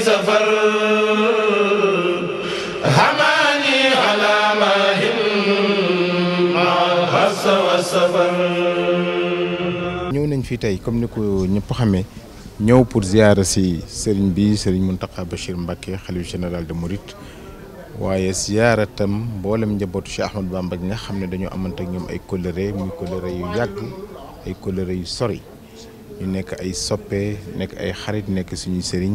في سفر هماني على ماهم مع الحس والسفر ñëw nañ fi tey comme ni ko ñëpp xamee ñëw pour ziyaara si sëriñ bi sëriñ Mountakha Bachir Mbacké xalif général de Mouride waaye ziyaara tam mboolem njabootu Cheikh Ahmadou Bamba gi nga xam ne dañoo amante ak ñoom ay kóllëre muy kóllëre yu yàgg ay kóllëre yu sori ñu nekk ay soppe nekk ay xarit nekk suñuy sëriñ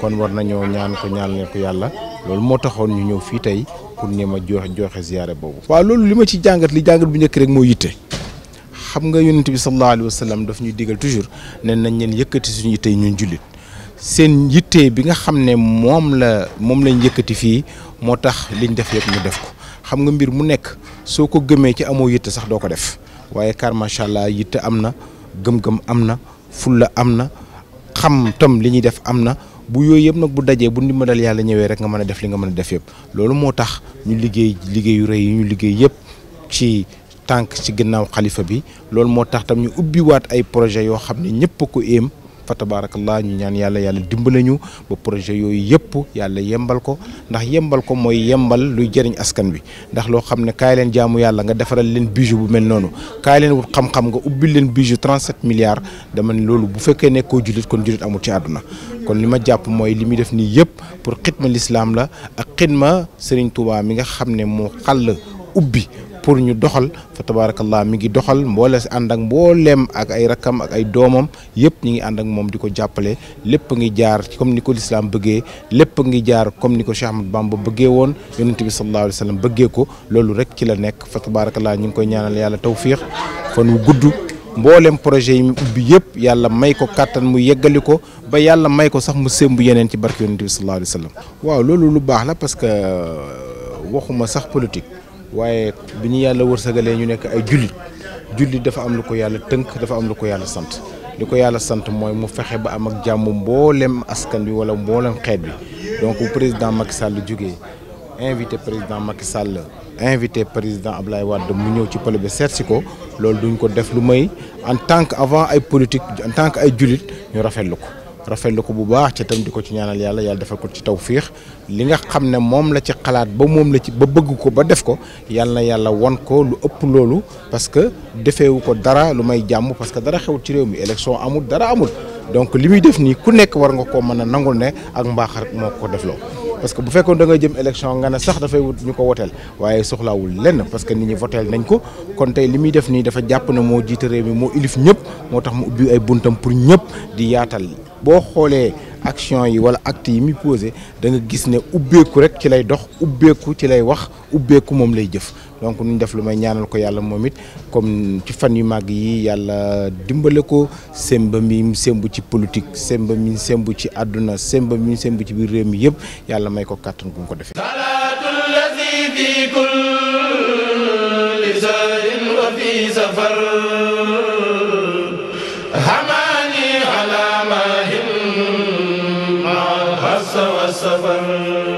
kon war nañoo ñaan ko ñaanal ko yàlla loolu moo taxoon ñu ñëw fii tey pour ni ma joxe joxe ziyaare boobu. waaw loolu li ma ci jàngat li jàngat bu njëkk rek moo yitte xam nga yonent bi sallallahu alayhi wa sallam daf ñuy digal toujours ne nañ leen yëkkati suñu yitte ñun jullit seen yitte bi nga xam ne moom la moom lañ yëkkati fii moo tax liñ def yëpp ñu def ko xam nga mbir mu nekk soo ko gëmee ci amoo yitte sax doo ko def waaye car macha allah yitte am na gëm-gëm am na ful la am na xam tam li ñuy def am na. bu yooyu yëpp nag bu dajee bu ndimbalal yàlla ñëwee rek nga mën a def li nga mën a def yëpp loolu moo tax ñu liggéey liggéeyu rëy yi ñu liggéey yëpp ci tànk ci ginnaaw xalifa bi loolu moo tax tam ñu ubbiwaat ay projet yoo xam ne ñëpp a ko éem fa tabaarakallaa ñu ñaan yàlla yàlla dimbale ñu ba projet yooyu yëpp yàlla yembal ko ndax yembal ko mooy yembal luy jëriñ askan bi ndax loo xam ne kaay leen jaamu yàlla nga defaral leen bijou bu mel noonu kaay leen wut xam-xam nga ubbil leen bijou 37 milliards dama ne loolu bu fekkee nekkoo jullit kon jullit amul ci àdduna kon li ma jàpp mooy li muy def nii yëpp pour xidma lislaam la ak xidma Serigne Touba bi nga xam ne moo xàll ubbi pour ñu doxal fa tabarakallah mi ngi doxal mboole si ànd ak mbooleem ak ay rakkam ak ay doomam yëpp ñu ngi ànd ak moom di ko jàppale lépp ngi jaar comme ni ko lislaam bëggee lépp ngi jaar comme ni ko Cheikh Ahmad Bamba bëggee woon yonent bi sallallahu alayhi bëggee ko loolu rek ci la nekk fa tabarakallah ñu ngi koy ñaanal yàlla tawfiix fan wu gudd mboolem projet yi yëpp yàlla may ko kàttan mu yeggali ko ba yàlla may ko sax mu sémbu yeneen ci barke yonent bi sallallahu alayhi waaw loolu lu baax la parce que euh, waxuma sax politique waaye bi ñu yàlla wërsëgalee ñu nekk ay jullit jullit dafa am lu ko yàlla tënk dafa am lu ko yàlla sant li ko yàlla sant mooy mu fexe ba am ak jàmm mboolem askan bi wala mboolem xeet bi donc président Macky Sall jógee invité président Macky Sall invité président laay wàdd mu ñëw ci pale bi seet si ko loolu duñ ko def lu may en tant que avant ay politique en tant que ay jullit ñu rafetlu ko. rafetlu ko bu baax ci tam ko ci ñaanal yàlla yàlla defal ko ci tawfiix li nga xam ne moom la ci xalaat ba moom la ci ba bëgg ko ba def ko yàlla yàlla won ko lu ëpp loolu parce que defeewu ko dara lu may jàmm parce que dara xewul ci réew mi élection amul dara amul donc li muy def nii ku nekk war nga koo mën a nangul ne ak mbaax rek moo ko defloo parce que bu fekkoon da ngay jëm élection nga ne sax dafay wut ñu ko woteel waaye soxlaawul lenn parce que nit ñi voteel nañ ko kon tey def nii dafa jàpp ne moo jiite réew mi moo ilif ñëpp moo tax mu ubbi ay buntam pour ñëpp di yaatal boo xoolee action yi wala acte yi muy posé da nga gis ne ubbeeku rek ci lay dox ubbeeku ci lay wax ubbeeku moom lay jëf donc nuñ def lu may ñaanal ko yàlla moom it comme ci fan yu màgg yi yàlla dimbale ko semba mi sembu ci politique semba mi semb ci àdduna semba mi sembu ci biir réew mi yëpp yàlla may ko kàttan bu ko defee salaatu والسفر